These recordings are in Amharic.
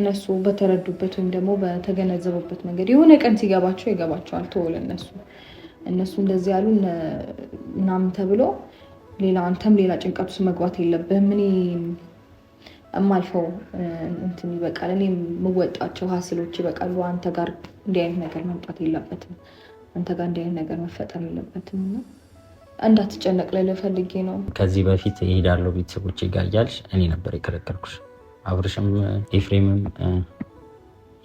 እነሱ በተረዱበት ወይም ደግሞ በተገነዘቡበት መንገድ የሆነ ቀን ሲገባቸው ይገባቸዋል። ተወለ እነሱ እነሱ እንደዚህ ያሉ ምናምን ተብሎ ሌላ አንተም ሌላ ጭንቀት ውስጥ መግባት የለብህም። እኔ የማልፈው እንትን ይበቃል፣ እኔ የምወጣቸው ሀስሎች ይበቃሉ። አንተ ጋር እንዲህ አይነት ነገር መምጣት የለበትም። አንተ ጋር እንዲህ አይነት ነገር መፈጠር የለበትም እና እንዳትጨነቅ ልልህ ፈልጌ ነው። ከዚህ በፊት እሄዳለሁ ቤተሰቦቼ ጋር እያልሽ እኔ ነበር የከለከልኩሽ። አብርሽም ኤፍሬምም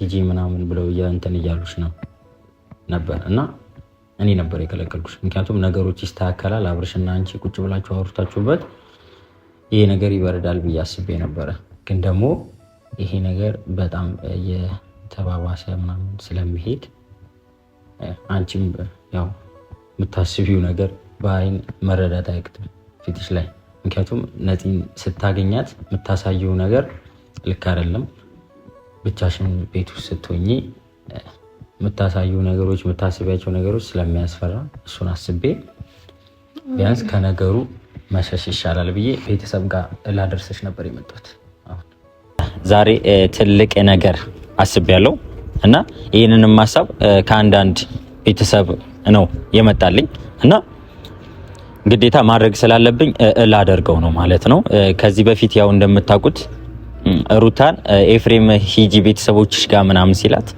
ሂጂ ምናምን ብለው እንትን እያሉች ነው ነበር እና እኔ ነበር የከለከልኩሽ። ምክንያቱም ነገሮች ይስተካከላል፣ አብርሽና አንቺ ቁጭ ብላችሁ አውርታችሁበት ይሄ ነገር ይበረዳል ብዬ አስቤ ነበረ። ግን ደግሞ ይሄ ነገር በጣም የተባባሰ ምናምን ስለሚሄድ አንቺም ያው የምታስቢው ነገር በአይን መረዳት አይቅትም ፊትሽ ላይ ምክንያቱም ነፂን ስታገኛት የምታሳየው ነገር ልክ አይደለም። ብቻሽን ቤት ውስጥ ስትሆኚ የምታሳዩ ነገሮች፣ የምታስቢያቸው ነገሮች ስለሚያስፈራ እሱን አስቤ ቢያንስ ከነገሩ መሸሽ ይሻላል ብዬ ቤተሰብ ጋር ላደርሰች ነበር የመጣሁት። ዛሬ ትልቅ ነገር አስቤያለሁ እና ይህንንም ሀሳብ ከአንዳንድ ቤተሰብ ነው የመጣልኝ እና ግዴታ ማድረግ ስላለብኝ ላደርገው ነው ማለት ነው። ከዚህ በፊት ያው እንደምታውቁት ሩታን ኤፍሬም ሂጂ ቤተሰቦችሽ ጋር ምናምን ሲላት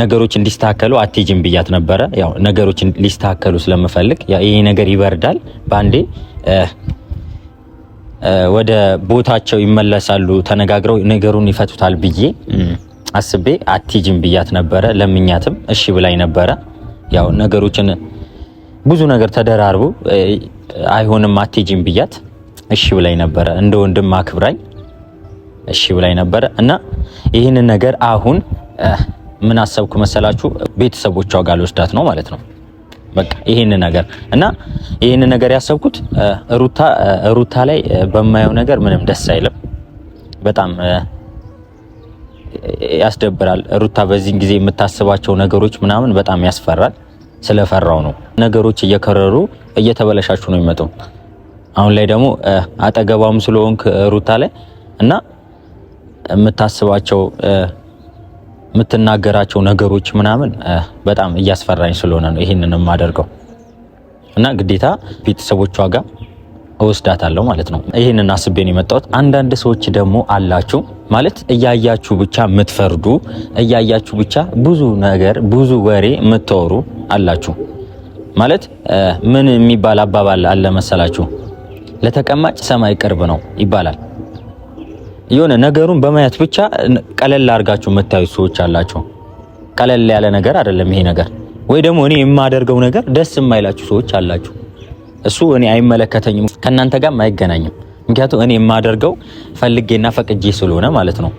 ነገሮች እንዲስተካከሉ አትሄጂም ብያት ነበረ። ያው ነገሮች ሊስተካከሉ ስለምፈልግ ይሄ ነገር ይበርዳል፣ በአንዴ ወደ ቦታቸው ይመለሳሉ፣ ተነጋግረው ነገሩን ይፈቱታል ብዬ አስቤ አትሄጂም ብያት ነበረ። ለምኛትም እሺ ብላኝ ነበረ። ያው ነገሮችን ብዙ ነገር ተደራርቡ አይሆንም አትሄጂም ብያት እሺ ብላኝ ነበረ፣ እንደ ወንድም አክብራኝ እሺ ብላኝ ነበረ እና ይህንን ነገር አሁን ምን አሰብኩ መሰላችሁ? ቤተሰቦቿ ጋር ልወስዳት ነው ማለት ነው። በቃ ይህን ነገር እና ይህንን ነገር ያሰብኩት ሩታ ሩታ ላይ በማየው ነገር ምንም ደስ አይልም። በጣም ያስደብራል። ሩታ በዚህ ጊዜ የምታስባቸው ነገሮች ምናምን በጣም ያስፈራል። ስለፈራው ነው ነገሮች እየከረሩ እየተበለሻችሁ ነው የሚመጡ። አሁን ላይ ደግሞ አጠገቧም ስለሆንክ ሩታ ላይ እና የምታስባቸው የምትናገራቸው ነገሮች ምናምን በጣም እያስፈራኝ ስለሆነ ነው ይህንን የማደርገው እና ግዴታ ቤተሰቦቿ ጋር እወስዳታለሁ ማለት ነው። ይህንን አስቤን የመጣሁት። አንዳንድ ሰዎች ደግሞ አላችሁ ማለት እያያችሁ ብቻ የምትፈርዱ እያያችሁ ብቻ ብዙ ነገር ብዙ ወሬ የምታወሩ አላችሁ ማለት ምን የሚባል አባባል አለ መሰላችሁ ለተቀማጭ ሰማይ ቅርብ ነው ይባላል። የሆነ ነገሩን በማየት ብቻ ቀለል አድርጋችሁ የምታዩት ሰዎች አላቸው። ቀለል ያለ ነገር አይደለም ይሄ ነገር። ወይ ደግሞ እኔ የማደርገው ነገር ደስ የማይላችሁ ሰዎች አላችሁ። እሱ እኔ አይመለከተኝም፣ ከእናንተ ጋርም አይገናኝም። ምክንያቱም እኔ የማደርገው ፈልጌና ፈቅጄ ስለሆነ ማለት ነው።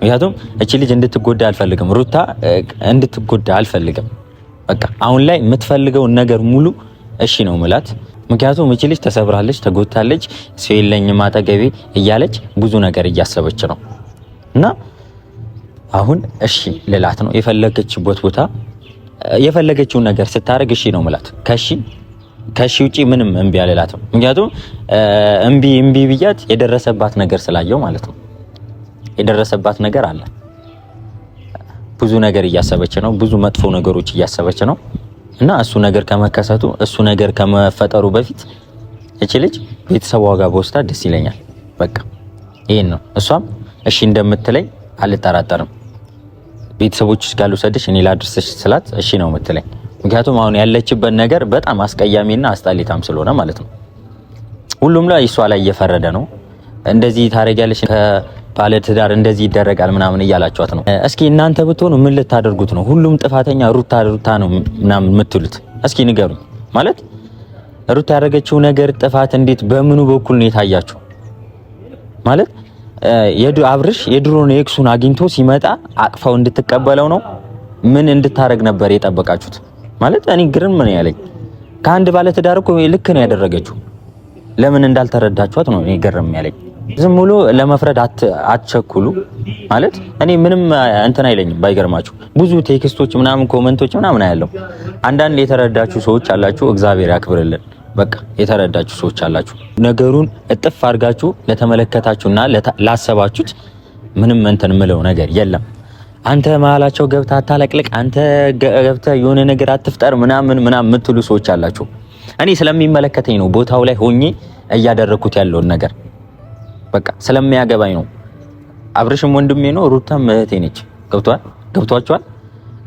ምክንያቱም እቺ ልጅ እንድትጎዳ አልፈልግም፣ ሩታ እንድትጎዳ አልፈልግም። በቃ አሁን ላይ የምትፈልገውን ነገር ሙሉ እሺ ነው ምላት ምክንያቱም እቺ ልጅ ተሰብራለች፣ ተጎታለች፣ ሰው የለኝም አጠገቤ እያለች ብዙ ነገር እያሰበች ነው። እና አሁን እሺ ልላት ነው የፈለገችበት ቦታ የፈለገችውን ነገር ስታደርግ እሺ ነው ምላት ከሺ ከሺ ውጪ ምንም እምቢ ነው። ምክንያቱም እምቢ እምቢ ብያት የደረሰባት ነገር ስላየው ማለት ነው። የደረሰባት ነገር አለ። ብዙ ነገር እያሰበች ነው። ብዙ መጥፎ ነገሮች እያሰበች ነው። እና እሱ ነገር ከመከሰቱ እሱ ነገር ከመፈጠሩ በፊት እቺ ልጅ ቤተሰቧ ጋር በወስዳ ደስ ይለኛል። በቃ ይሄን ነው። እሷም እሺ እንደምትለኝ አልጠራጠርም። ቤተሰቦች ጋር ሰደሽ እኔ ላድርስሽ ስላት እሺ ነው የምትለኝ። ምክንያቱም አሁን ያለችበት ነገር በጣም አስቀያሚና አስጠሊታም ስለሆነ ማለት ነው። ሁሉም ላይ እሷ ላይ እየፈረደ ነው። እንደዚህ ታረጊያለሽ ባለ ትዳር እንደዚህ ይደረጋል ምናምን እያላችኋት ነው። እስኪ እናንተ ብትሆኑ ምን ልታደርጉት ነው? ሁሉም ጥፋተኛ ሩታ ሩታ ነው ምናምን የምትሉት እስኪ ንገሩ። ማለት ሩታ ያደረገችው ነገር ጥፋት እንዴት በምኑ በኩል ነው የታያችሁ? ማለት አብርሽ የድሮን የክሱን አግኝቶ ሲመጣ አቅፈው እንድትቀበለው ነው ምን እንድታረግ ነበር የጠበቃችሁት? ማለት እኔ ግርም ምን ያለኝ ከአንድ ባለትዳር እኮ ልክ ነው ያደረገችው። ለምን እንዳልተረዳችኋት ነው እኔ ግርም ያለኝ። ዝም ብሎ ለመፍረድ አትቸኩሉ። ማለት እኔ ምንም እንትን አይለኝም። ባይገርማችሁ ብዙ ቴክስቶች ምናምን ኮመንቶች ምናምን አያለው። አንዳንድ የተረዳችሁ ሰዎች አላችሁ፣ እግዚአብሔር ያክብርልን። በቃ የተረዳችሁ ሰዎች አላችሁ። ነገሩን እጥፍ አድርጋችሁ ለተመለከታችሁና ላሰባችሁት ምንም እንትን ምለው ነገር የለም። አንተ መሀላቸው ገብተህ አታለቅልቅ፣ አንተ ገብተህ የሆነ ነገር አትፍጠር ምናምን ምናምን የምትሉ ሰዎች አላችሁ። እኔ ስለሚመለከተኝ ነው ቦታው ላይ ሆኜ እያደረኩት ያለውን ነገር በቃ ስለሚያገባኝ ነው። አብርሽም ወንድሜ ነው፣ ሩታም እህቴ ነች። ገብቷል ገብቷቸዋል።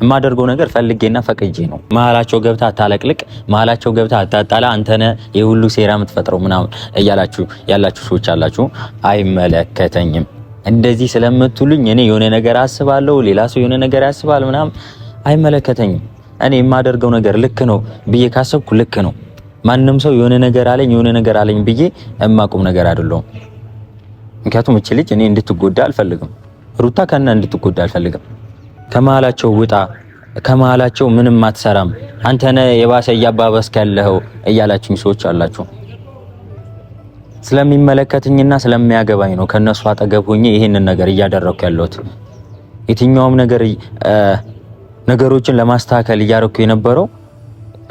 የማደርገው ነገር ፈልጌና ፈቅጄ ነው። መሀላቸው ገብታ አታለቅልቅ፣ መሀላቸው ገብታ አታጣላ። አንተነ የሁሉ ሴራ የምትፈጥረው ምናምን እያላችሁ ያላችሁ ሰዎች አላችሁ። አይመለከተኝም። እንደዚህ ስለምትሉኝ እኔ የሆነ ነገር አስባለሁ፣ ሌላ ሰው የሆነ ነገር ያስባል ምናምን፣ አይመለከተኝም። እኔ የማደርገው ነገር ልክ ነው ብዬ ካሰብኩ ልክ ነው። ማንም ሰው የሆነ ነገር አለኝ የሆነ ነገር አለኝ ብዬ እማቁም ነገር አይደለሁም። ምክንያቱም እች ልጅ እኔ እንድትጎዳ አልፈልግም። ሩታ ከና እንድትጎዳ አልፈልግም። ከመሀላቸው ውጣ፣ ከመሀላቸው ምንም አትሰራም፣ አንተ ነህ የባሰ እያባባስክ ያለኸው እያላችሁኝ ሰዎች አላችሁ። ስለሚመለከትኝና ስለሚያገባኝ ነው ከነሱ አጠገብ ሆኜ ይህንን ነገር እያደረኩ ያለሁት። የትኛውም ነገር ነገሮችን ለማስተካከል እያደረኩ የነበረው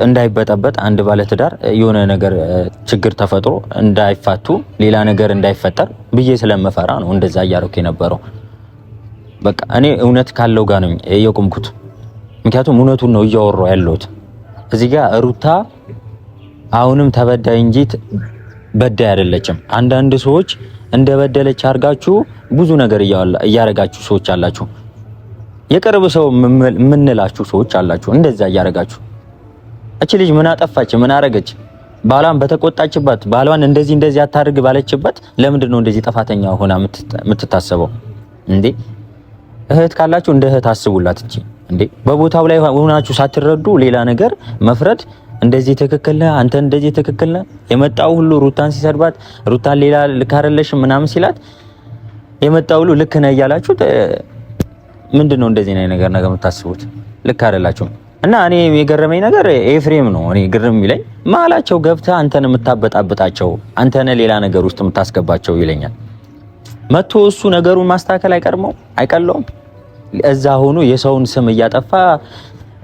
እንዳይበጠበጥ አንድ ባለትዳር የሆነ ነገር ችግር ተፈጥሮ እንዳይፋቱ ሌላ ነገር እንዳይፈጠር ብዬ ስለምፈራ ነው እንደዛ እያረኩ የነበረው። በቃ እኔ እውነት ካለው ጋር ነው የቆምኩት። ምክንያቱም እውነቱን ነው እያወራው ያለሁት። እዚህ ጋር ሩታ አሁንም ተበዳይ እንጂ በዳይ አይደለችም። አንዳንድ ሰዎች እንደበደለች አድርጋችሁ ብዙ ነገር እያረጋችሁ ሰዎች አላችሁ። የቅርብ ሰው የምንላችሁ ሰዎች አላችሁ፣ እንደዛ እያረጋችሁ እች ልጅ ምን አጠፋች? ምን አረገች? ባሏን በተቆጣችበት ባሏን እንደዚህ እንደዚህ አታርግ ባለችበት ለምንድን ነው እንደዚህ ጥፋተኛ ሆና የምትታሰበው? እንዴ እህት ካላችሁ እንደ እህት አስቡላት እንጂ እንዴ በቦታው ላይ ሆናችሁ ሳትረዱ ሌላ ነገር መፍረድ እንደዚህ ትክክል ነህ አንተ እንደዚህ ትክክል ነህ። የመጣው ሁሉ ሩታን ሲሰድባት ሩታን ሌላ ልክ አይደለሽም ምናምን ሲላት የመጣው ሁሉ ልክ ነህ እያላችሁ ምንድን ነው እንደዚህ ነገር ነገር የምታስቡት? ልክ አይደላችሁም። እና እኔ የገረመኝ ነገር ኤፍሬም ነው። እኔ ግርም ይለኝ መሀላቸው ገብተህ አንተን የምታበጣብጣቸው አንተን ሌላ ነገር ውስጥ የምታስገባቸው ይለኛል። መቶ እሱ ነገሩን ማስተካከል አይቀርመው አይቀለውም። እዛ ሆኖ የሰውን ስም እያጠፋ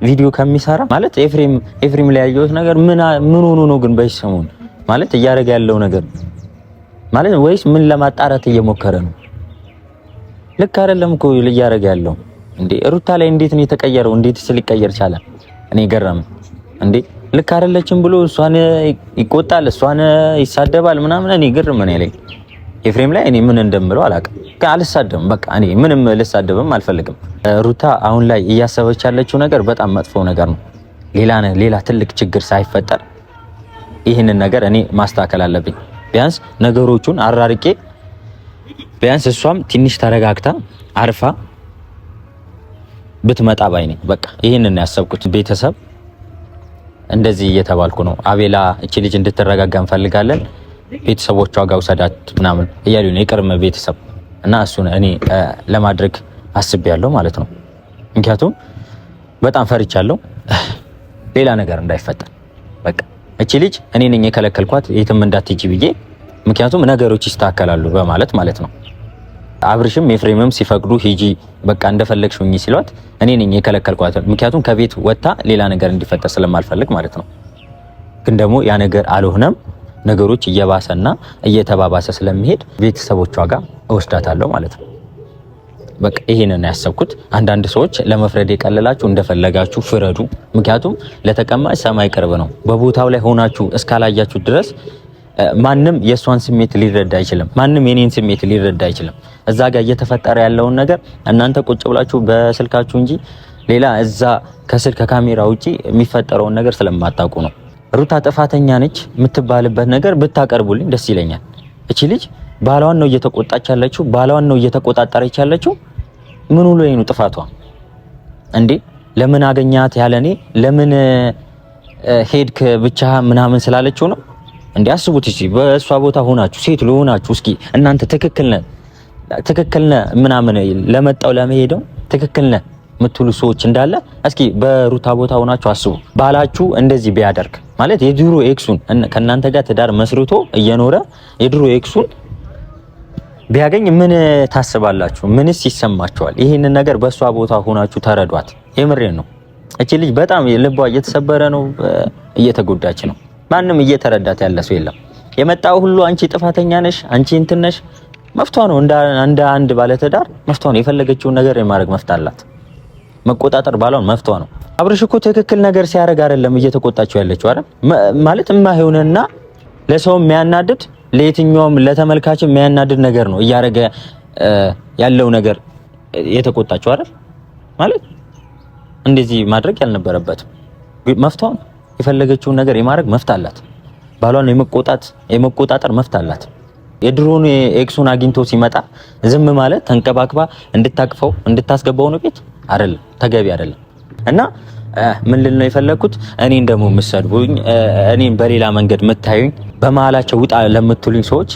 ቪዲዮ ከሚሰራ ማለት ኤፍሬም ኤፍሬም ላይ ያየሁት ነገር ምን ሆኖ ነው ግን በዚህ ማለት እያደረገ ያለው ነገር ማለት ወይስ ምን ለማጣራት እየሞከረ ነው? ልክ አይደለም እኮ እያደረገ ያለው እንዴ! ሩታ ላይ እንዴት ነው የተቀየረው? እንዴት ሊቀየር ቻለ? እኔ ገረም እንዴ ልክ አይደለችም ብሎ እሷን ይቆጣል፣ እሷን ይሳደባል ምናምን። እኔ ግርም እኔ ላይ ኤፍሬም ላይ እኔ ምን እንደምለው አላውቅም። አልሳደብም፣ በቃ እኔ ምንም ልሳደብም አልፈልግም። ሩታ አሁን ላይ እያሰበች ያለችው ነገር በጣም መጥፎ ነገር ነው። ሌላ ሌላ ትልቅ ችግር ሳይፈጠር ይህንን ነገር እኔ ማስተካከል አለብኝ። ቢያንስ ነገሮቹን አራርቄ ቢያንስ እሷም ትንሽ ተረጋግታ አርፋ ብትመጣ ባይ ነኝ። በቃ ይህንን ያሰብኩት ቤተሰብ እንደዚህ እየተባልኩ ነው። አቤላ እቺ ልጅ እንድትረጋጋ እንፈልጋለን፣ ቤተሰቦቿ ጋር ውሰዳት ምናምን እያሉ ነው የቅርም ቤተሰብ እና እሱን እኔ ለማድረግ አስቤያለሁ ማለት ነው። ምክንያቱም በጣም ፈርቻለሁ ሌላ ነገር እንዳይፈጠር። በቃ እቺ ልጅ እኔ ነኝ የከለከልኳት የትም እንዳትጂ ብዬ ምክንያቱም ነገሮች ይስተካከላሉ በማለት ማለት ነው። አብርሽም ኤፍሬምም ሲፈቅዱ ሂጂ በቃ እንደፈለግሽ ሁኚ ሲሏት እኔ ነኝ የከለከልኳት። ምክንያቱም ከቤት ወጥታ ሌላ ነገር እንዲፈጠር ስለማልፈልግ ማለት ነው። ግን ደግሞ ያ ነገር አልሆነም። ነገሮች እየባሰና እየተባባሰ ስለሚሄድ ቤተሰቦቿ ጋር እወስዳታለሁ ማለት ነው። በቃ ይሄንን ያሰብኩት። አንዳንድ ሰዎች ለመፍረድ የቀለላችሁ እንደፈለጋችሁ ፍረዱ። ምክንያቱም ለተቀማጭ ሰማይ ቅርብ ነው። በቦታው ላይ ሆናችሁ እስካላያችሁ ድረስ ማንም የእሷን ስሜት ሊረዳ አይችልም። ማንም የኔን ስሜት ሊረዳ አይችልም። እዛ ጋር እየተፈጠረ ያለውን ነገር እናንተ ቁጭ ብላችሁ በስልካችሁ እንጂ ሌላ እዛ ከስልክ ከካሜራ ውጪ የሚፈጠረውን ነገር ስለማታውቁ ነው። ሩታ ጥፋተኛ ነች የምትባልበት ነገር ብታቀርቡልኝ ደስ ይለኛል። እቺ ልጅ ባሏን ነው እየተቆጣች ያለችው፣ ባሏን ነው እየተቆጣጠረች ያለችው። ምን ሁሉ ነው ጥፋቷ እንዴ? ለምን አገኛት ያለኔ ለምን ሄድክ ብቻ ምናምን ስላለችው ነው እንዲያስቡት አስቡት እስኪ በእሷ ቦታ ሆናችሁ ሴት ለሆናችሁ እስኪ እናንተ ትክክል ነህ ትክክል ነህ ምናምን ለመጣው ለመሄደው ትክክል ነህ የምትሉ ሰዎች እንዳለ እስኪ በሩታ ቦታ ሆናችሁ አስቡ። ባላችሁ እንደዚህ ቢያደርግ ማለት የድሮ ኤክሱን ከእናንተ ጋር ትዳር መስርቶ እየኖረ የድሮ ኤክሱን ቢያገኝ ምን ታስባላችሁ? ምንስ ይሰማችኋል? ይህንን ነገር በእሷ ቦታ ሆናችሁ ተረዷት። የምሬን ነው። እቺ ልጅ በጣም ልቧ እየተሰበረ ነው፣ እየተጎዳች ነው። ማንም እየተረዳት ያለ ሰው የለም። የመጣው ሁሉ አንቺ ጥፋተኛ ነሽ፣ አንቺ እንትን ነሽ፣ መፍቷ ነው። እንደ አንድ ባለትዳር መፍቷ ነው። የፈለገችውን ነገር የማድረግ መፍት አላት። መቆጣጠር ባሏን መፍቷ ነው። አብርሽ እኮ ትክክል ነገር ሲያደርግ አይደለም እየተቆጣችው ያለችው አይደል? ማለት የማይሆንና ለሰው የሚያናድድ ለየትኛውም ለተመልካች የሚያናድድ ነገር ነው እያደረገ ያለው ነገር የተቆጣቸው አይደል? ማለት እንደዚህ ማድረግ ያልነበረበትም መፍቷ ነው። የፈለገችውን ነገር የማድረግ መፍት አላት። ባሏን የመቆጣት የመቆጣጠር መፍት አላት። የድሮውን ኤክሱን አግኝቶ ሲመጣ ዝም ማለት ተንቀባክባ እንድታቅፈው እንድታስገባው ነው ቤት አይደለም፣ ተገቢ አይደለም። እና ምን ልል ነው የፈለግኩት እኔን ደግሞ የምትሰድቡኝ፣ እኔን በሌላ መንገድ የምታዩኝ፣ በመሀላቸው ውጣ ለምትሉኝ ሰዎች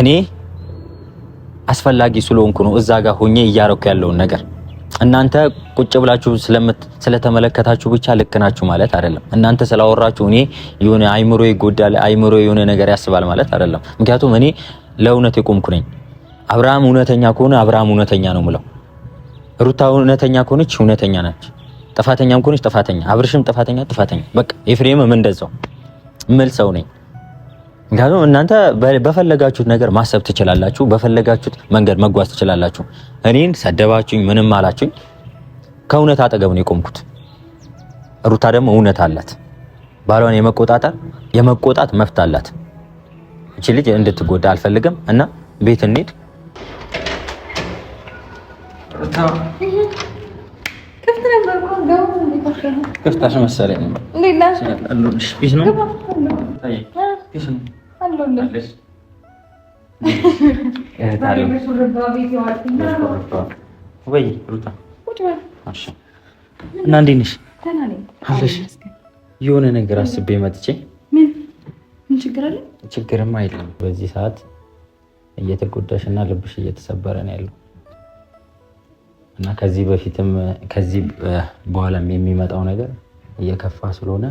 እኔ አስፈላጊ ስለሆንኩ ነው እዛ ጋር ሆኜ እያረኩ ያለውን ነገር እናንተ ቁጭ ብላችሁ ስለተመለከታችሁ ብቻ ልክ ናችሁ ማለት አይደለም። እናንተ ስላወራችሁ እኔ የሆነ አይምሮ ይጎዳል፣ አይምሮ የሆነ ነገር ያስባል ማለት አይደለም። ምክንያቱም እኔ ለእውነት የቆምኩ ነኝ። አብርሃም እውነተኛ ከሆነ አብርሃም እውነተኛ ነው ምለው፣ ሩታ እውነተኛ ከሆነች እውነተኛ ናች፣ ጥፋተኛም ከሆነች ጥፋተኛ፣ አብርሽም ጥፋተኛ ጥፋተኛ። በቃ ኤፍሬምም እንደዛው ምል ሰው ነኝ። ምክንያቱም እናንተ በፈለጋችሁት ነገር ማሰብ ትችላላችሁ፣ በፈለጋችሁት መንገድ መጓዝ ትችላላችሁ። እኔን ሰደባችሁኝ፣ ምንም አላችሁኝ፣ ከእውነት አጠገብ ነው የቆምኩት። ሩታ ደግሞ እውነት አላት፣ ባሏን የመቆጣጠር የመቆጣት መብት አላት። እቺ ልጅ እንድትጎዳ አልፈልግም እና ቤት እንሂድ ክፍታሽ መሰለኝ። ወይ ሩታ እና እንዴት ነሽ? አለሽ የሆነ ነገር አስቤ መጥቼ ችግርም አይደለም። በዚህ ሰዓት እየተጎዳሽ እና ልብሽ እየተሰበረ ነው ያለው እና ከዚህ በፊትም ከዚህ በኋላም የሚመጣው ነገር እየከፋ ስለሆነ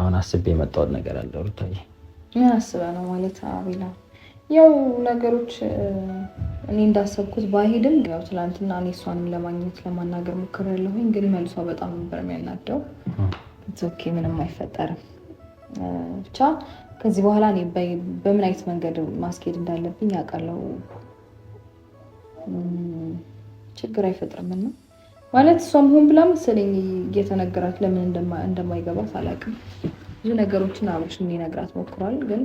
አሁን አስቤ የመጣሁት ነገር አለ ሩታዬ ምን አስበህ ነው ማለት አቤላ? ያው ነገሮች እኔ እንዳሰብኩት ባይሄድም ያው ትናንትና እኔ እሷንም ለማግኘት ለማናገር ያለሁኝ ግን መልሷ በጣም ነበር የሚያናደው። ኦኬ ምንም አይፈጠርም። ብቻ ከዚህ በኋላ እኔ በምን አይነት መንገድ ማስኬድ እንዳለብኝ ያውቃለው። ችግር አይፈጥርም እና ማለት እሷም ሆን ብላ መሰለኝ እየተነገራት ለምን እንደማይገባት አላውቅም። ብዙ ነገሮችን አብርሽ እንዲነግራት ሞክሯል፣ ግን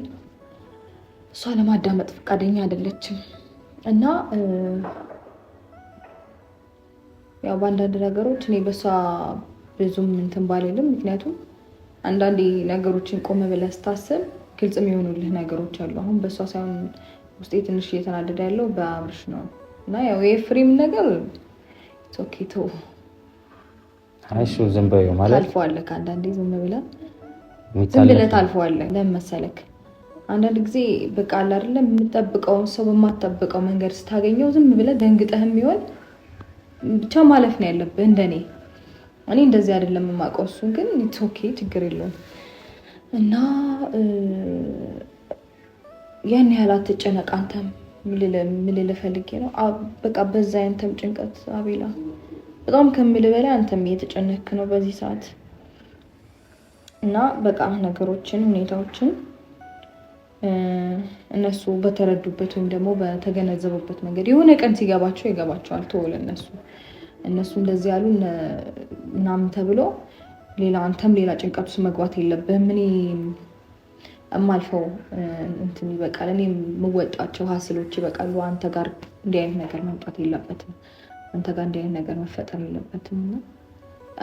እሷ ለማዳመጥ ፈቃደኛ አይደለችም እና ያው በአንዳንድ ነገሮች እኔ በእሷ ብዙም እንትን ባልልም፣ ምክንያቱም አንዳንዴ ነገሮችን ቆመ ብለህ ስታስብ ግልጽ የሚሆኑልህ ነገሮች አሉ። አሁን በእሷ ሳይሆን ውስጤ ትንሽ እየተናደደ ያለው በአብርሽ ነው እና ያው የፍሬም ነገር ቶኬቶ አይሹ ዝም በይው ማለት አልፎ አለ ከአንዳንዴ ዝም ብለን ዝም ብለህ ታልፈዋለህ። ለምን መሰለክ አንዳንድ ጊዜ በቃ አለ አይደለ የምጠብቀውን ሰው በማጠብቀው መንገድ ስታገኘው ዝም ብለህ ደንግጠህ የሚሆን ብቻ ማለፍ ነው ያለብህ። እንደኔ እኔ እንደዚህ አይደለም የማውቀው ግን ኦኬ ችግር የለውም እና ያን ያህል አትጨነቅ አንተም ምልል ፈልጌ ነው። በቃ በዛ ያንተም ጭንቀት አቤላ በጣም ከምል በላይ አንተም እየተጨነክ ነው በዚህ ሰዓት። እና በቃ ነገሮችን ሁኔታዎችን እነሱ በተረዱበት ወይም ደግሞ በተገነዘቡበት መንገድ የሆነ ቀን ሲገባቸው ይገባቸዋል። ተወል እነሱ እነሱ እንደዚህ ያሉ ምናምን ተብሎ ሌላ አንተም ሌላ ጭንቀት ውስጥ መግባት የለብህም። እኔ የማልፈው እንትን ይበቃል፣ እኔ የምወጣቸው ሀስሎች ይበቃሉ። አንተ ጋር እንዲህ አይነት ነገር መምጣት የለበትም። አንተ ጋር እንዲህ አይነት ነገር መፈጠር የለበትም።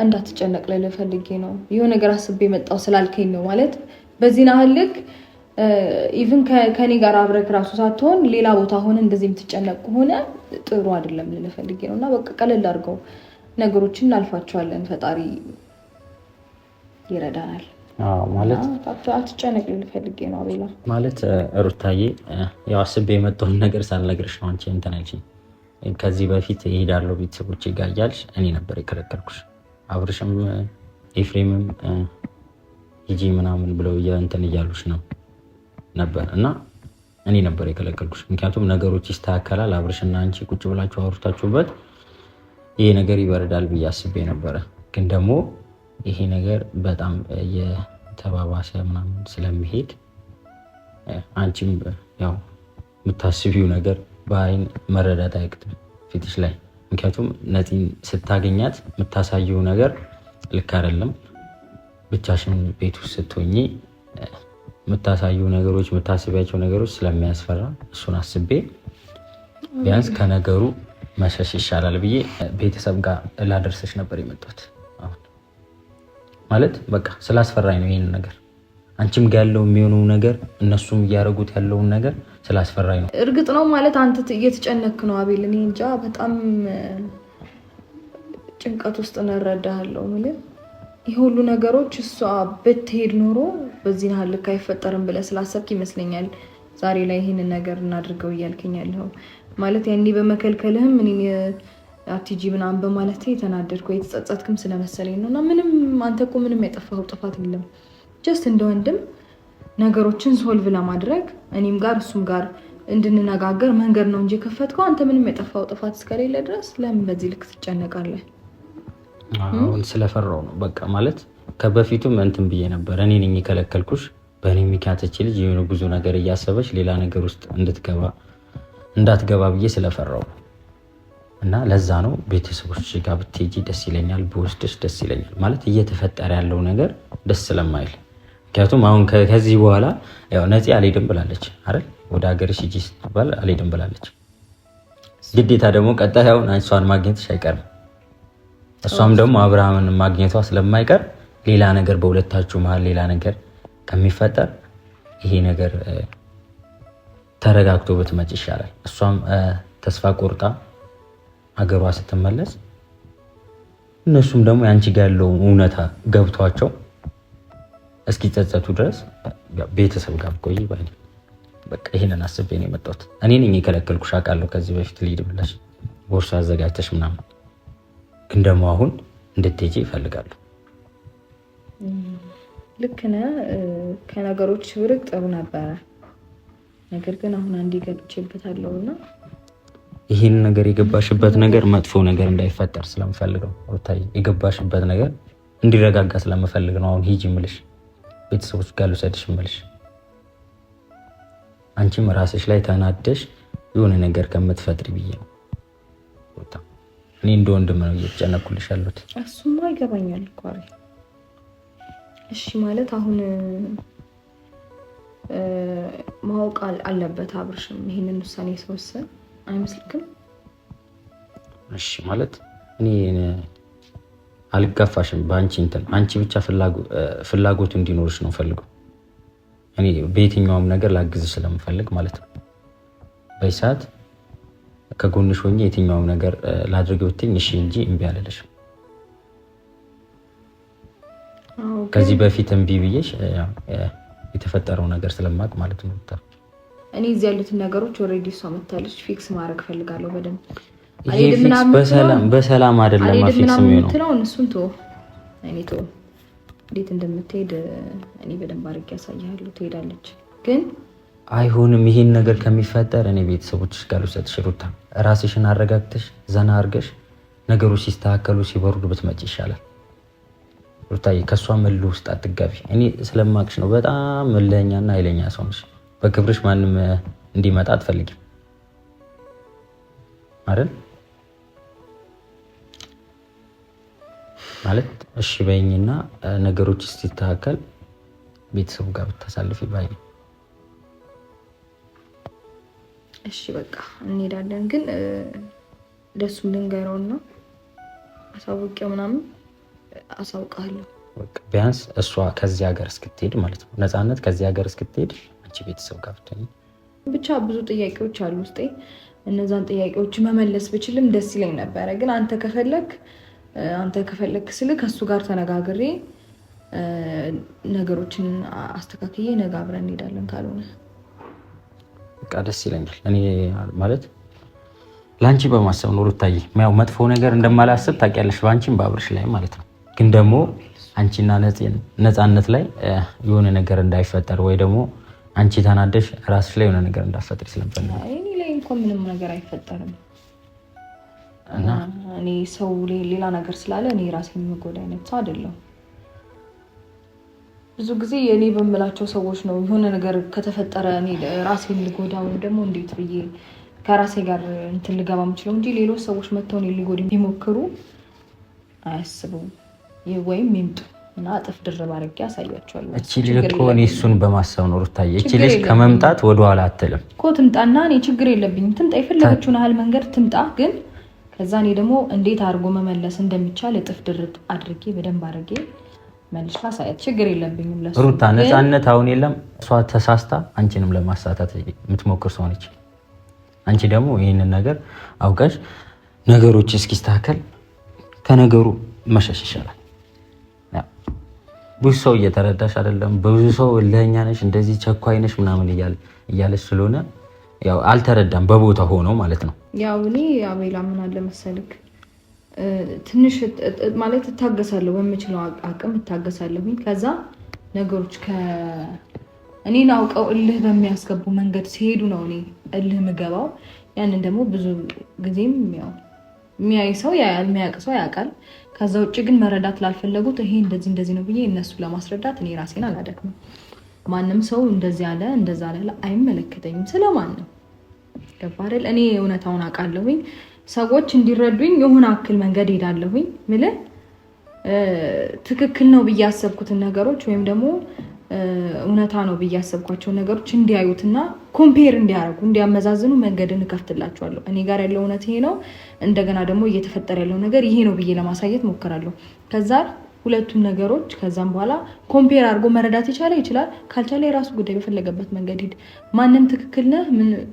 እንዳትጨነቅ ላይ ፈልጌ ነው። የሆነ ነገር አስቤ የመጣው ስላልከኝ ነው ማለት በዚህ ናህል ልክ ኢቭን ከኔ ጋር አብረክ ራሱ ሳትሆን ሌላ ቦታ ሆነ እንደዚህ የምትጨነቅ ከሆነ ጥሩ አይደለም ልልህ ፈልጌ ነው። እና በቃ ቀለል አድርገው ነገሮችን እናልፋቸዋለን። ፈጣሪ ይረዳናል። ማለት አትጨነቅ ልልህ ፈልጌ ነው አቤላ። ማለት ሩታዬ፣ ያው አስቤ የመጣውን ነገር ሳልነግርሽ ነው አንቺ እንትን አልሽኝ። ከዚህ በፊት ይሄዳለሁ ቤተሰቦቼ ጋር እያልሽ እኔ ነበር የከለከልኩሽ አብርሽም ኤፍሬምም ሂጂ ምናምን ብለው እንትን እያሉሽ ነው ነበር እና እኔ ነበር የከለከልኩሽ። ምክንያቱም ነገሮች ይስተካከላል፣ አብርሽና አንቺ ቁጭ ብላችሁ አውርታችሁበት ይሄ ነገር ይበረዳል ብዬ አስቤ ነበረ። ግን ደግሞ ይሄ ነገር በጣም የተባባሰ ምናምን ስለሚሄድ አንቺም ያው የምታስቢው ነገር በአይን መረዳት አይቅትም ፊትሽ ላይ ምክንያቱም ነፂን ስታገኛት የምታሳየው ነገር ልክ አይደለም። ብቻሽን ቤት ውስጥ ስትሆኚ የምታሳዩ ነገሮች የምታስቢያቸው ነገሮች ስለሚያስፈራ እሱን አስቤ ቢያንስ ከነገሩ መሸሽ ይሻላል ብዬ ቤተሰብ ጋር ላደርሰች ነበር የመጣሁት። ማለት በቃ ስላስፈራኝ ነው ይህን ነገር አንቺም ጋ ያለው የሚሆነው ነገር እነሱም እያደረጉት ያለውን ነገር ስላስፈራኝ ነው። እርግጥ ነው ማለት አንተ እየተጨነክ ነው አቤል። እኔ እንጃ በጣም ጭንቀት ውስጥ እንረዳሃለሁ። ምልህ ይህ ሁሉ ነገሮች እሷ ብትሄድ ኖሮ በዚህ ያህል ልክ አይፈጠርም ብለህ ስላሰብክ ይመስለኛል ዛሬ ላይ ይህንን ነገር እናድርገው እያልከኝ ያለኸው ማለት ያኔ በመከልከልህም እኔ አቲጂ ምናምን በማለት የተናደድኩ የተጸጸትክም ስለመሰለኝ ነው። እና ምንም አንተ እኮ ምንም ያጠፋኸው ጥፋት የለም ጀስት እንደ ወንድም ነገሮችን ሶልቭ ለማድረግ እኔም ጋር እሱም ጋር እንድንነጋገር መንገድ ነው እንጂ የከፈትከው አንተ ምንም የጠፋው ጥፋት እስከሌለ ድረስ ለምን በዚህ ልክ ትጨነቃለህ? አሁን ስለፈራው ነው በቃ ማለት ከበፊቱም እንትን ብዬ ነበር። እኔ ነኝ የከለከልኩሽ በእኔ የሚካተች ልጅ የሆነ ብዙ ነገር እያሰበች ሌላ ነገር ውስጥ እንድትገባ እንዳትገባ ብዬ ስለፈራው እና ለዛ ነው ቤተሰቦች ጋር ብትሄጂ ደስ ይለኛል፣ በውስድሽ ደስ ይለኛል ማለት እየተፈጠረ ያለው ነገር ደስ ስለማይል ምክንያቱም አሁን ከዚህ በኋላ ያው ነፂ አልሄድም ብላለች አይደል? ወደ ሀገርሽ ሂጂ ስትባል አልሄድም ብላለች። ግዴታ ደግሞ ቀጣይ ያው እሷን ማግኘትሽ አይቀርም። እሷም ደግሞ አብርሃምን ማግኘቷ ስለማይቀር ሌላ ነገር በሁለታችሁ መሀል ሌላ ነገር ከሚፈጠር ይሄ ነገር ተረጋግቶ ብትመጭ ይሻላል። እሷም ተስፋ ቆርጣ ሀገሯ ስትመለስ እነሱም ደግሞ የአንቺ ጋር ያለው እውነታ ገብቷቸው እስኪጸጸቱ ድረስ ቤተሰብ ጋር ቆይ ባይ በቃ ይሄንን አስቤ ነው የመጣሁት። እኔ ነኝ የከለከልኩሽ አውቃለሁ። ከዚህ በፊት ልሂድ ብለሽ ቦርሳ አዘጋጅተሽ ምናምን፣ ግን ደግሞ አሁን እንድትሄጂ ይፈልጋሉ። ልክ ነህ። ከነገሮች ብርቅ ጥሩ ነበረ። ነገር ግን አሁን አንድ ገብቼበታለሁ እና ይህን ነገር የገባሽበት ነገር መጥፎ ነገር እንዳይፈጠር ስለምፈልግ ነው። የገባሽበት ነገር እንዲረጋጋ ስለምፈልግ ነው አሁን ሂጂ ምልሽ ቤተሰቦች ጋር ልውሰድሽ እምልሽ አንቺም ራስሽ ላይ ተናደሽ የሆነ ነገር ከምትፈጥሪ ብዬ ነው። እኔ እንደ ወንድም ነው እየተጨነኩልሽ ያሉት። እሱማ ይገባኛል ኳሪ እሺ ማለት አሁን ማወቅ አለበት አብርሽም ይህንን ውሳኔ ሰወሰን አይመስልክም? እሺ ማለት እኔ አልጋፋሽም። በአንቺ እንትን አንቺ ብቻ ፍላጎቱ እንዲኖርሽ ነው ፈልጉ እኔ በየትኛውም ነገር ላግዝ ስለምፈልግ ማለት ነው። በዚህ ሰዓት ከጎንሽ ሆኜ የትኛውም ነገር ላድርግ ብትኝ እሺ እንጂ እምቢ አልልሽም። ከዚህ በፊት እምቢ ብዬሽ የተፈጠረው ነገር ስለማቅ ማለት ነው። እኔ እዚህ ያሉትን ነገሮች ኦልሬዲ እሷ መታለች ፊክስ ማድረግ ፈልጋለሁ በደንብ ይሄ ፊክስ በሰላም በሰላም አይደለም ፊክስ የሚሆነው። እሱን ተወው፣ እኔ ተወው። እንዴት እንደምትሄድ እኔ በደንብ አድርጌ ያሳያሉ። ትሄዳለች ግን አይሆንም። ይሄን ነገር ከሚፈጠር እኔ ቤተሰቦችሽ ጋር ልውሰድሽ። ሩታ ራስሽን አረጋግተሽ ዘና አድርገሽ ነገሮች ሲስተካከሉ ሲበርዱ ብትመጪ ይሻላል። ሩታዬ ከእሷ ምል ውስጥ አትጋቢ። እኔ ስለማቅሽ ነው። በጣም እልኸኛና ኃይለኛ ሰው ነሽ። በክብርሽ ማንም እንዲመጣ አትፈልጊም አይደል? ማለት እሺ በይኝና ነገሮች ሲስተካከል ቤተሰቡ ጋር ብታሳልፍ ባይ ነው። እሺ በቃ እንሄዳለን፣ ግን ለሱ ልንገረውና አሳውቂው ምናምን አሳውቃለሁ። ቢያንስ እሷ ከዚህ ሀገር እስክትሄድ ማለት ነው ነፃነት ከዚህ ሀገር እስክትሄድ አንቺ ቤተሰብ ጋር ብትሆኝ። ብቻ ብዙ ጥያቄዎች አሉ ውስጤ። እነዛን ጥያቄዎች መመለስ ብችልም ደስ ይለኝ ነበረ፣ ግን አንተ ከፈለግ አንተ ከፈለክ ስል ከእሱ ጋር ተነጋግሬ ነገሮችን አስተካክዬ ነገ አብረን እንሄዳለን። ካልሆነ በቃ ደስ ይለኛል። እኔ ማለት ለአንቺ በማሰብ ኖሮ ታይ ያው መጥፎ ነገር እንደማላሰብ ታውቂያለሽ፣ በአንቺም በአብርሽ ላይ ማለት ነው። ግን ደግሞ አንቺና ነፃነት ላይ የሆነ ነገር እንዳይፈጠር ወይ ደግሞ አንቺ ተናደሽ ራስሽ ላይ የሆነ ነገር እንዳፈጥር ስለምፈልግ እኔ ላይ እንኳን ምንም ነገር አይፈጠርም። እኔ ሰው ሌላ ነገር ስላለ እኔ ራሴ መጎዳ አይነት ሰው አይደለም። ብዙ ጊዜ የእኔ በምላቸው ሰዎች ነው የሆነ ነገር ከተፈጠረ እኔ ራሴን ልጎዳ ወይም ደግሞ እንዴት ብዬ ከራሴ ጋር እንትን ልገባ የምችለው እንጂ ሌሎች ሰዎች መጥተው እኔን ቢሞክሩ አያስቡም ወይም ይምጡ እና እጥፍ ድርብ አድርጌ አሳያቸዋለሁ። እቺ ልጅ እኮ እኔ እሱን በማሰብ ነው ሩታዬ። እቺ ልጅ ከመምጣት ወደኋላ አትልም እኮ ትምጣና፣ እኔ ችግር የለብኝም ትምጣ፣ የፈለገችውን ያህል መንገድ ትምጣ ግን ከዛ እኔ ደግሞ እንዴት አድርጎ መመለስ እንደሚቻል እጥፍ ድርጥ አድርጌ በደንብ አድርጌ መልሽ ላሳያት። ችግር የለብኝም። ሩታ ነፃነት አሁን የለም። እሷ ተሳስታ አንቺንም ለማሳታት የምትሞክር ሰው ነች። አንቺ ደግሞ ይህንን ነገር አውቀሽ ነገሮች እስኪስተካከል ከነገሩ መሸሽ ይሻላል። ብዙ ሰው እየተረዳሽ አይደለም። ብዙ ሰው ለእኛ ነሽ እንደዚህ ቸኳይ ነሽ ምናምን እያለች ስለሆነ ያው አልተረዳም፣ በቦታ ሆኖ ማለት ነው። ያው እኔ አቤላ ምን አለ መሰልክ ትንሽ ማለት እታገሳለሁ፣ በምችለው አቅም እታገሳለሁ። ከዛ ነገሮች እኔን አውቀው እልህ በሚያስገቡ መንገድ ሲሄዱ ነው እኔ እልህ ምገባው። ያንን ደግሞ ብዙ ጊዜም ያው የሚያይ ሰው ያያል፣ የሚያውቅ ሰው ያውቃል። ከዛ ውጭ ግን መረዳት ላልፈለጉት ይሄ እንደዚህ እንደዚህ ነው ብዬ እነሱ ለማስረዳት እኔ ራሴን አላደክም። ማንም ሰው እንደዚህ ያለ እንደዛ ላለ አይመለከተኝም። ስለማንም ገባረል እኔ እውነታውን አውቃለሁኝ። ሰዎች እንዲረዱኝ የሆነ አክል መንገድ ሄዳለሁኝ። ምል ትክክል ነው ብዬ ያሰብኩትን ነገሮች ወይም ደግሞ እውነታ ነው ብዬ ያሰብኳቸውን ነገሮች እንዲያዩትና ኮምፔር እንዲያደርጉ እንዲያመዛዝኑ መንገድን እከፍትላቸዋለሁ። እኔ ጋር ያለው እውነት ይሄ ነው፣ እንደገና ደግሞ እየተፈጠረ ያለው ነገር ይሄ ነው ብዬ ለማሳየት ሞክራለሁ ከዛ ሁለቱን ነገሮች ከዛም በኋላ ኮምፔር አድርጎ መረዳት የቻለ ይችላል፣ ካልቻለ የራሱ ጉዳይ በፈለገበት መንገድ ሂድ። ማንም ትክክል ነህ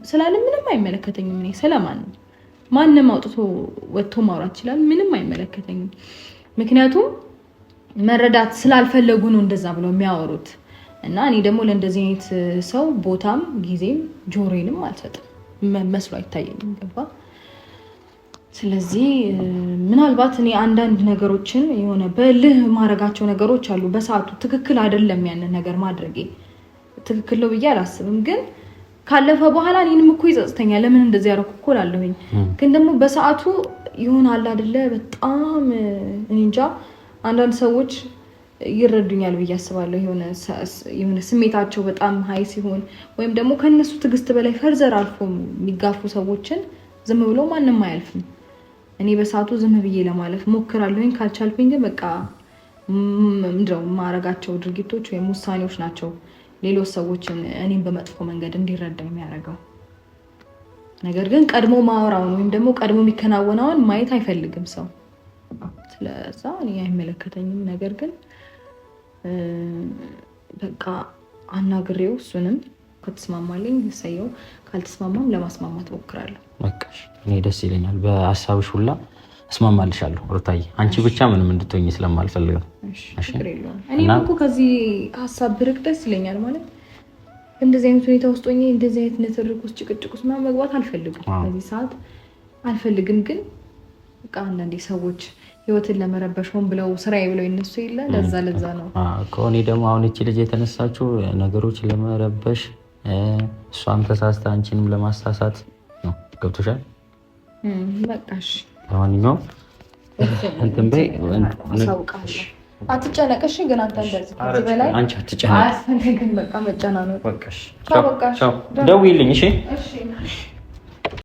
ስላለ ምንም አይመለከተኝም። እኔ ስለማንም ማንም አውጥቶ ወጥቶ ማውራት ይችላል፣ ምንም አይመለከተኝም። ምክንያቱም መረዳት ስላልፈለጉ ነው እንደዛ ብለው የሚያወሩት። እና እኔ ደግሞ ለእንደዚህ አይነት ሰው ቦታም ጊዜም ጆሮዬንም አልሰጥም መስሎ አይታየኝም። ገባ ስለዚህ ምናልባት እኔ አንዳንድ ነገሮችን የሆነ በልህ ማድረጋቸው ነገሮች አሉ። በሰዓቱ ትክክል አይደለም ያንን ነገር ማድረጌ ትክክል ነው ብዬ አላስብም። ግን ካለፈ በኋላ እኔንም እኮ ይጸጽተኛል። ለምን እንደዚህ ያደረኩ እኮ እላለሁኝ። ግን ደግሞ በሰዓቱ ይሆናል አይደለ? በጣም እኔ እንጃ። አንዳንድ ሰዎች ይረዱኛል ብዬ አስባለሁ። የሆነ ስሜታቸው በጣም ሀይ ሲሆን ወይም ደግሞ ከእነሱ ትዕግስት በላይ ፈርዘር አልፎ የሚጋፉ ሰዎችን ዝም ብሎ ማንም አያልፍም። እኔ በሰዓቱ ዝም ብዬ ለማለፍ ወይም ካልቻልኩኝ ግን በቃ ምንድነው ማረጋቸው ድርጊቶች ወይም ውሳኔዎች ናቸው ሌሎች ሰዎችን እኔም በመጥፎ መንገድ እንዲረዳ የሚያደርገው። ነገር ግን ቀድሞ ማወራውን ወይም ደግሞ ቀድሞ የሚከናወናውን ማየት አይፈልግም ሰው። ስለዛ እኔ አይመለከተኝም። ነገር ግን በቃ አናግሬው እሱንም ከተስማማልኝ ሰየው፣ ካልተስማማም ለማስማማት እሞክራለሁ። በቃሽ እኔ ደስ ይለኛል። በሀሳብሽ ሁላ እስማማልሻለሁ ሩታዬ፣ አንቺ ብቻ ምንም እንድትሆኝ ስለማልፈልግ እኮ ከዚህ ሀሳብ ብርቅ ደስ ይለኛል። ማለት እንደዚህ አይነት ሁኔታ ውስጥ ሆኜ እንደዚህ አይነት ንትርክ ውስጥ፣ ጭቅጭቅ ውስጥ ምናምን መግባት አልፈልግም፣ በዚህ ሰዓት አልፈልግም። ግን በቃ አንዳንዴ ሰዎች ህይወትን ለመረበሽ ሆን ብለው ስራዬ ብለው ይነሱ የለ ለዛ ለዛ ነው ከሆኔ ደግሞ አሁን እቺ ልጅ የተነሳችው ነገሮች ለመረበሽ እሷም ተሳስታ አንቺንም ለማሳሳት ገብቶሻል። ለማንኛውም እንትን በይ አትጨነቅሽ። ግን አንተ እንደዚህ በላይ አንቺ አትጨነቅ። አያስፈልግም። በቃ መጨናነቅ። ደውዪልኝ እሺ።